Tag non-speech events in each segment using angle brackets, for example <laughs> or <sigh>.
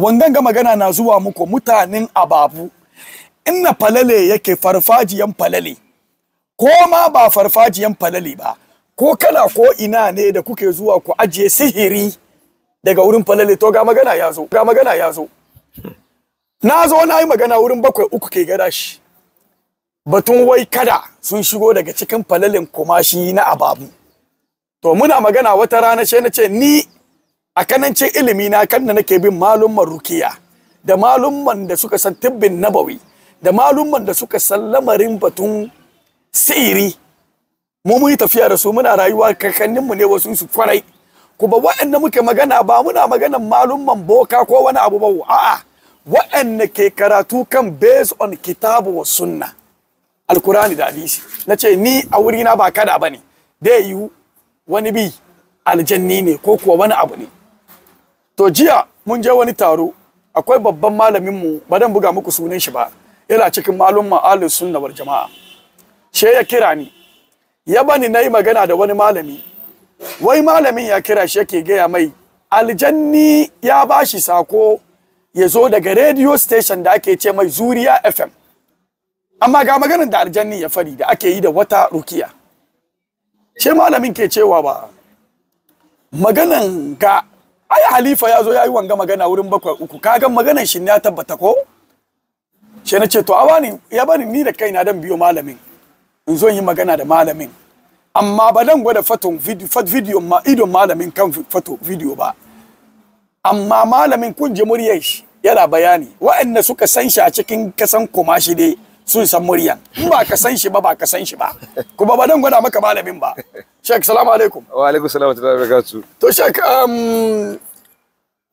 Wangan ga magana na zuwa muku mutanen ababu, inna falale yake farfajiyan falale, ko ma ba farfajiyan falale ba, ko kala ko ina ne da kuke zuwa ku ajiye sihiri daga wurin falale to ga magana ya zo, ga magana ya zo. Na zo na yi magana wurin bakwai uku ke gada shi, batun wai kada sun shigo daga cikin falalin kumashi na ababu. To muna magana wata rana ce na ce ni a kanancin ilimi na kan da nake bin malumman rukiya da malumman da suka san tibbin nabawi da malumman da suka san lamarin batun siri mu mun tafiya da su muna rayuwa kakanninmu ne wasu su kwarai kuma waɗanda muke magana ba muna magana malumman boka ko wani abu ba a'a waɗanda ke karatu kan based on kitabu wa sunna alkurani da hadisi na ce ni a wurina ba kada ba ne dai yiwu wani bi aljanni ne ko kuwa wani abu ne to jiya mun je wani taro akwai babban malamin mu ba dan buga muku sunan shi ba yana cikin malumma ma'alin sunna wal jama'a she ya kira ni ya bani nayi magana da wani malami wai malamin ya kira shi yake gaya mai aljanni ya bashi sako ya zo daga radio station da ake ce mai zuriya fm amma ga maganar da aljanni ya fari da ake yi da wata rukiya she malamin ke cewa ba maganan ga ai halifa ya zo ya yi wanga magana wurin bakwai uku kaga maganan shi ya tabbata ko shi na ce to a bani ya bani ni da kaina dan biyo malamin in zo yi magana da malamin amma ba dan gwada faton video ma idon malamin kan fato video ba amma malamin kun ji muryar shi yana bayani wa'anda suka san shi a cikin kasan kuma shi dai sun san muryan in ba ka san shi ba ba ka san shi ba kuma ba dan gwada maka malamin ba Sheikh salamu alaikum wa alaikum salam wa barakatuh to Sheikh um,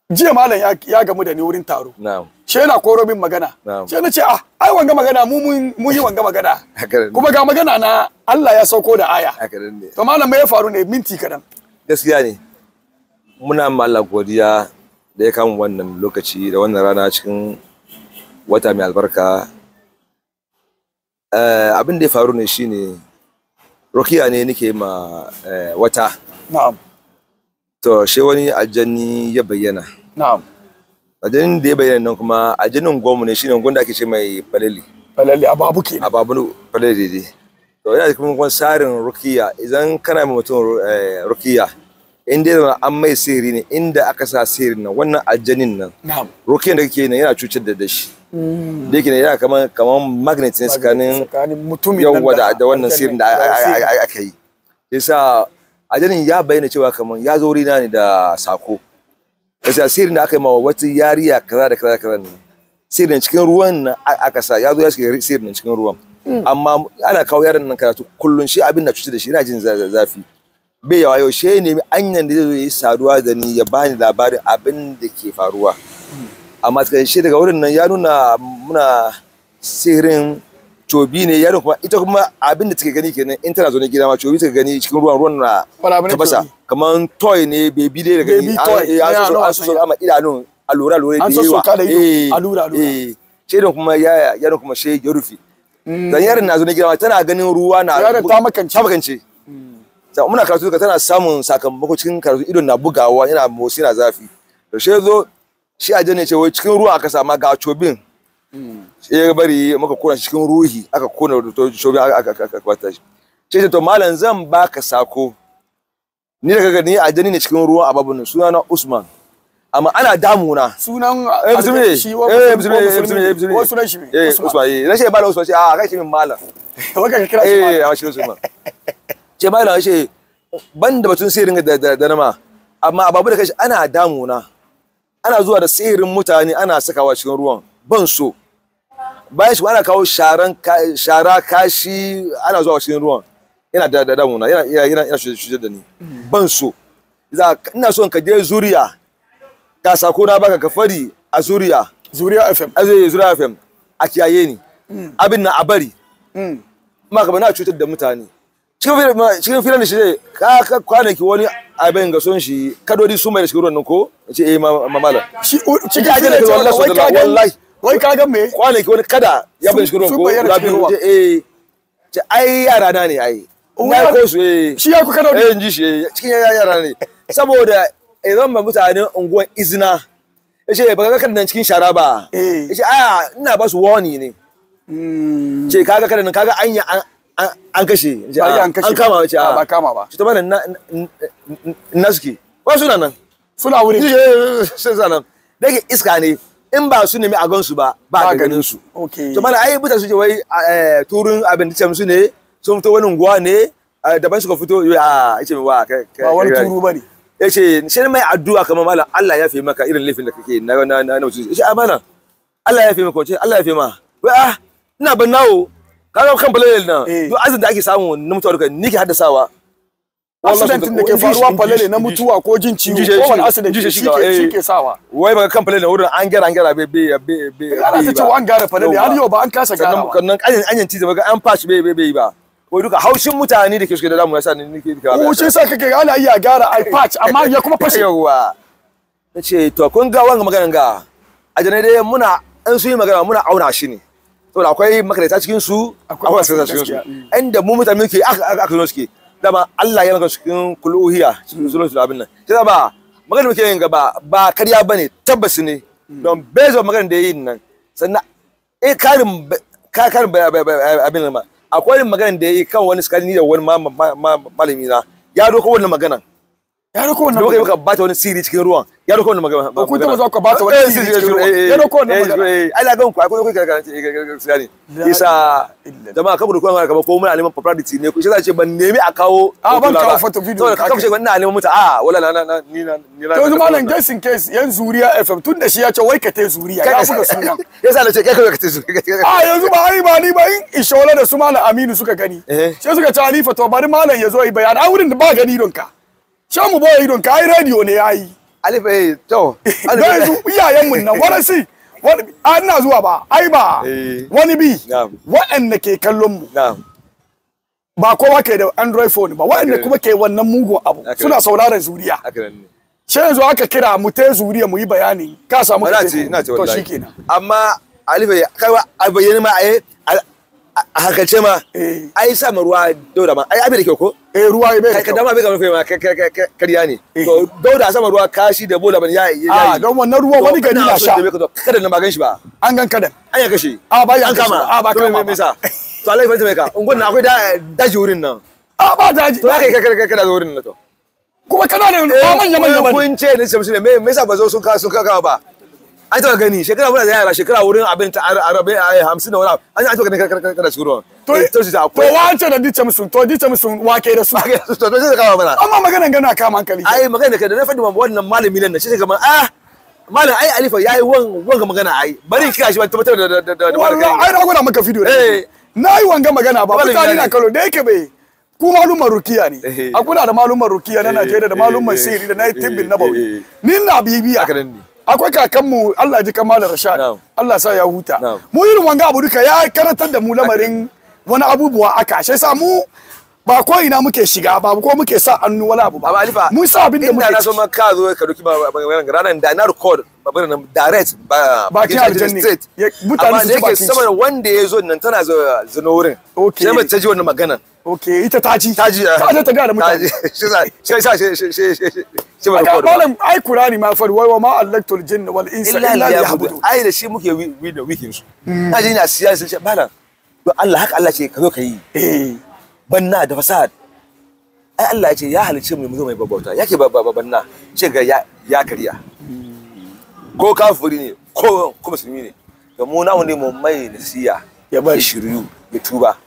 jiya malam ya gamu da ni wurin taro na'am she yana koro min magana she na ce ah ai wanga magana mu mun yi wanga magana kuma ga magana na Allah ya sauko da aya to malam me ya faru ne minti kadan gaskiya ne muna ma godiya da ya kama wannan lokaci da wannan rana cikin wata mai albarka Eh, abin da ya faru ne shine rokiya ne nake ma eh, wata na'am to she wani aljani ya bayyana na'am aljanin da ya bayyana nan kuma aljanin gwamu ne shine gunda ake ce mai falali falali abu ke abu falali dai to yana kuma kwan sarin rokiya idan kana mai mutum eh, rokiya in dai zama an mai sihiri ne inda aka sa sihirin nan wannan aljanin nan rokiyan da kake yi yana cutar da shi da yake yana kamar kamar magnet ne tsakanin mutumin yawwa da wannan sirrin da aka yi yasa ajanin ya bayyana cewa kamar ya zo rina ne da sako yasa sirrin da aka yi ma wata yariya kaza da kaza kaza ne sirrin cikin ruwan aka sa ya zo ya shiga sirrin cikin ruwan hmm. amma ana kawo yaron nan karatu kullun shi abin da cuci da shi yana jin zafi bai yawa yaushe ne anyan da zai zo ya saduwa da ni ya bani labarin abin da ke faruwa hmm. amma shi daga wurin nan ya nuna muna sihirin cobi ne yaron kuma ita kuma abin da take gani kenan in tana zo ne gida ma cobi take gani cikin ruwan ruwan na tabasa kaman toy ne baby dai daga ni an so so amma idanun allura allura da yawa eh allura allura eh shedon kuma ya yaron kuma shi ya rufe mm. dan yarin na zo ne gida ma tana ganin ruwa na yaron ta makance ta makance ta mm. muna karatu tana samun sakamako cikin karatu idon na bugawa yana motsi na zafi to she zo shi a ne ce wai cikin ruwa aka sama ga cobin ya bari maka kona cikin ruhi aka kona da cobin aka kwata shi ce to malam zan baka sako ni da kaga ni a jani ne cikin ruwa a babu ne suna na usman amma ana damuna sunan eh, eh musulmi eh wa eh wa sunan shi eh usman eh na ce ah, malam usman <laughs> ce a kai shi min malam waka ka kira shi eh a shi usman ce malam shi ban da batun sai ringa da nama amma ababu da kashi ana damuna ana zuwa da sihirin mutane ana sakawa cikin ruwan ban so bayan shi ana kawo sharan shara kashi ana zuwa cikin ruwan yana da da damuna yana yana yana shuje da ni ban so ina so ka je zuriya ka sako na baka ka fari a zuriya zuriya fm a eh, eh, zuriya fm a kiyaye ni mm. abin na a bari mm. ma ka bana cutar da mutane cikin filan da shi ka kwanaki wani abin ga son shi kadodi su mai da shirin nan ko ce eh mamala shi cika uh, ne wallahi wallahi wai ka ga me kwane ki wani kada ya bin shirin ko da bin ce eh ce ai yara na ne ai na ko su eh shi ya ku kadodi eh inji shi eh. cikin yara ne saboda idan eh, ba mutanen unguwan izina ce ba ga nan cikin shara ba eh. yace a ina ba su warning ne hmm. ce kaga kadan kaga anya Ah, an kashe an kama wace a ah. ba kama ba shi ta bane na suke ba suna nan suna wuri shi suna nan dake iska ne in ba su nemi a gansu ba ba ga ganin su to mana ai buta su je wai eh, turun abin da su ne sun fito wani unguwa ne eh, daban suka fito a ce wa ba wani turu bane yace shi mai addu'a kamar mallam Allah ya fi maka irin laifin da kake na na na mutum a bana ah, Allah ya fi maka wace Allah ya fi ma wai ah ina ban nawo kaga kan falele na eh. duk azin da ake samu na mutuwa duka ni ke haddasawa accident da ke faruwa falele na mutuwa ko jin ciwo ko wani accident shi eh. ke sawa wai baka kan falele wurin an gara an gara be be be be ana ta cewa an gara falele har yau ba an kasa gara sannan anyan anyan ci zama an fashi be be be ba wai duka haushin mutane da ke shiga da damu yasa ni nake duka ko oh, shi yasa kake ana iya gara ai patch amma ya kuma fashi yawa nace to kun ga wannan maganan ga a janai dai muna an su yi magana muna auna shi ne to akwai makarata cikin su akwai makarata cikin su inda mu mutane ke aka zo suke dama Allah ya maka cikin kuluhiya cikin zuwa hmm. su abin nan sai ba magana muke yin gaba ba karya bane tabbas ne hmm. don bezo magana da yin nan sannan eh karin karin abin nan ma akwai magana da yi kan wani skani da wani malami na ya doko wannan magana ya dauko wannan magana ka bata wani siri cikin ruwan ya dauko wannan magana ko kun taba zuwa ka bata wani eh, siri cikin ruwan ya dauko wannan eh, magana eh, ai labarin ku ai kun isa jama'a kabu da kuma kamar ko muna neman property ne ku shi zai ce ban nemi a kawo a ah, ban kawo photo video ka kafa shi ban n'a neman mutu a wala na na ni na ni na to zuma nan guess in case yan zuriya fm tun da shi ya ce wai ka te zuriya ya fuka sunan <laughs> yasa na ce kai ka te zuriya a <laughs> ah, yanzu ba ai ba ni ba in ishola da su malam aminu suka gani sai suka ce fato bari malam ya zo yi bayani a wurin da ba gani don ka Sha mu boye idon ka yi radio ne yayi. Ali eh to. Dan su iyayen mun nan wani si wani ina zuwa ba ai ba wani bi waɗanda ke kallon mu. Ba kowa ke da Android phone ba waɗanda kuma ke wannan mugun abu suna sauraron zuriya. Ce yanzu aka kira mu te zuriya mu yi bayani ka samu to shikenan. Amma Alif kai a bayyana ma a harkace ma ai sa ruwa dauda ma ai abin da kyau ko? eh ruwa bai da kyau dama bai kamar ma kariya ne to dauda sama ruwa kashi da bola ban yayi a don wannan ruwa wani gari na sha kadan nan ba gan shi ba an gan kada an ya kashe a ba an kama a ba kama me yasa to Allah ya fanta mai ka ungon na akwai daji wurin nan a ba daji to kai kai kai da wurin nan to kuma kana da ba manya manya ba kun ce ne shi ne me yasa ba zo sun ka sun ka ba an taɓa gani shekara wurin da yara shekara wurin abin ta arabe a eh, hamsin da wani abu an taɓa gani kada shi ruwan to eh, to shi akwai to wance da dice musu to dice musu wake da su to to sai kama mana amma magana gana kama hankali ai magana kai da na faɗi wannan malami nan shi kaman ah malam ai alifa yayi wan wanga magana ai bari kira shi ba ta mutar da da da wallahi ai na gwada maka video eh na yi wanga magana ba mutane na kallo da yake bai ku malumman rukiya ne eh. a kuna da malumman rukiya na Najeriya da malumman sirri da na yi tibbin na bauri ni na bibiya akwai kakanmu Allah ji kama Rashad Allah sa ya huta mu irin wanga abu duka ya karantar da mu lamarin wani abubuwa aka shi sa mu ba ko ina muke shiga ba ko muke sa hannu wala abu ba alifa mun sa abin da muke ina na so ma zo ka duki ba ranan da na record babbar nan direct ba ba kin aljanni mutane su ba sama da wanda yazo nan tana zo zino wurin sai mace ji wannan magana okay ita ta ji ta ji eh. ta ta ga da mutane <laughs> shi shi shi shi shi shi ba record ba ai qur'ani ma fa wa ma allaktul jinn wal insa illa liya'budu ai da shi muke wi da wikin su ta hmm. ji na siyasa la Allah haka Allah ce ka zo ka yi eh banna da fasad ai Allah ya ce ya halice mu mu mai babauta yake babba banna ce ga ya kariya ko kafiri ne ko kuma musulmi ne da mu na wani mu mai nasiya ya bar shiru ya tuba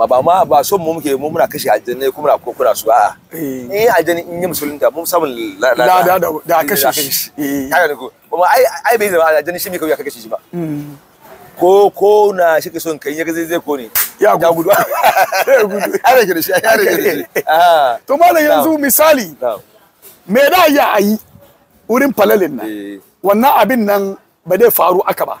ba ba ma ba so mu muke mu muna kashe aljanna kuma na kokura su a eh aljanna in yi musulunta mun samu lada da kashe shi eh. haka ne ko kuma ai ai bai zama aljanna shi me kawai ka kashe shi ba hmm. ko ko na shi ka son kai ya ga zai zai ko ne ya gudu ya <laughs> da ya <laughs> ah. to malam yanzu misali me da ya ayi wurin falalin nan eh. wannan abin nan ba zai faru aka ba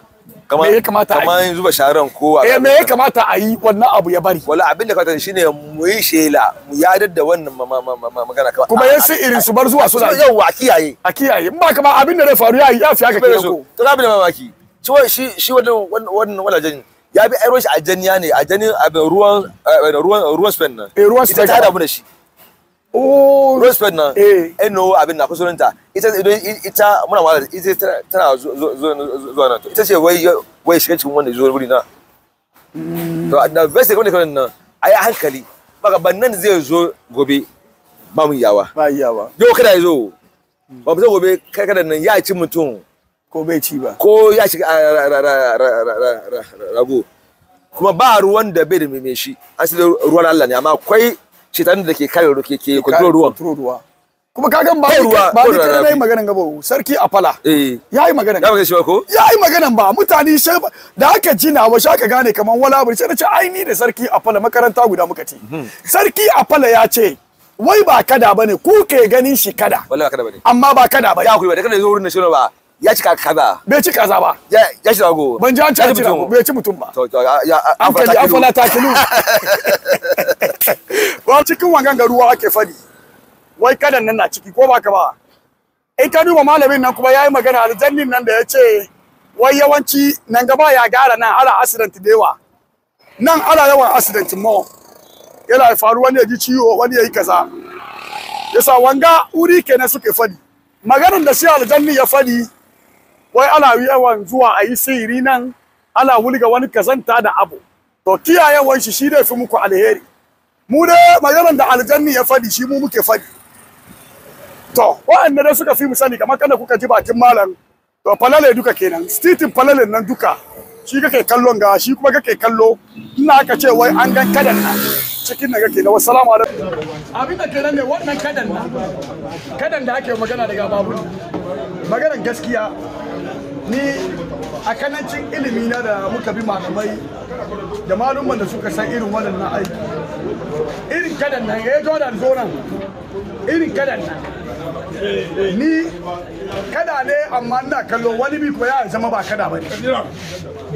me ya kamata a yi zuba sharan ko eh me ya kamata a yi wannan abu ya bari wala abin da ka shine mu yi shela mu yadar da wannan magana kawai kuma ah, yasu ah, irin su bar zuwa suna yawa a kiyaye a kiyaye in ba kama abin da zai faru ya yi ya fi haka kiyaye ko to abin da mamaki shi shi wannan wannan walajen ya bi airo shi a janiya ne a janin abin ruwan ruwan ruwan spain nan eh ruwan spain ta da mu shi oh. ruwan spain nan eh eno abin na kusurin ta ita ita muna ma ita tana zuwa nan ita ce wai wai shiga cikin wanda zuwa wuri na hmm. to da vest kwanne kan nan yi hankali baka bannan zai zo gobe ba mu yawa ba yawa yau kada ya zo hmm. ba mu zo gobe kai kada nan ya ci mutum ko bai ci ba ko ya shiga rago kuma ba ruwan da bai da mai shi an sai ruwan Allah ne amma akwai shetan da ke kare ruwa ke control ruwan kuma kagan ba ruwa ba ni kana nayi maganan gabo sarki afala eh yayi maganan yayi shi ba ko yayi maganan ba mutane shi da aka ji ba washa ka gane kaman wala bari sai nace ai ni da sarki afala makaranta guda muka ci mhm. sarki afala ya ce wai ba kada bane ku ke ganin shi kada wallahi kada bane amma ba kada ba ya ku ba da kada zo wurin shi ba ya cika kaza bai ci kaza ba ya ci rago ban ji an ci rago bai ci mutum ba to to an fa an fala takilu <laughs> ba cikin wangan garuwa ake fadi wai kadan nan na ciki ko ba ka ba in ka duba malamin nan kuma yayi magana aljannin nan da ya ce wai yawanci nan gaba ya gara nan ala accident da yawa nan ala yawan accident mo yana faru wani ji ciwo wani yayi yi kaza yasa wanga wuri kenan suke fadi maganar da shi aljanni ya fadi wai ana yawan zuwa a yi sihiri nan ana wulga wani kazanta da abu to kiyayewan shi shi dai fi muku alheri mu dai maganar da aljanni ya fadi shi mu muke fadi to wa'anda da suka fi mu sani kamar kada kuka ji bakin malam to falale duka kenan stitin falalen nan duka shi kake kallon ga shi kuma kake kallo ina aka ce wai an gan kadan na cikin nan kake na wassalamu alaikum abin da kenan ne wannan kadan na kadan da ake magana daga babu maganar gaskiya ni a kanancin ilimi na da muka bi malamai da malumman da suka san irin waɗannan aiki irin kadan nan ya eh, zo da zonan irin kadan nan ni kada ne amma ina kallo wani bi ko ya zama ba kada ba ne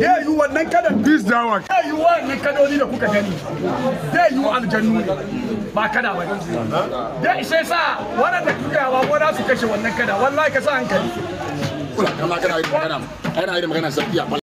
da yi wannan kadan this wa da yi wannan kadoni da kuka gani da yi aljannu ba kada ba da ishe sa wani da kuka yawa ko da su kashe wannan kada wallahi ka sa hankali kula kana kana magana ana a magana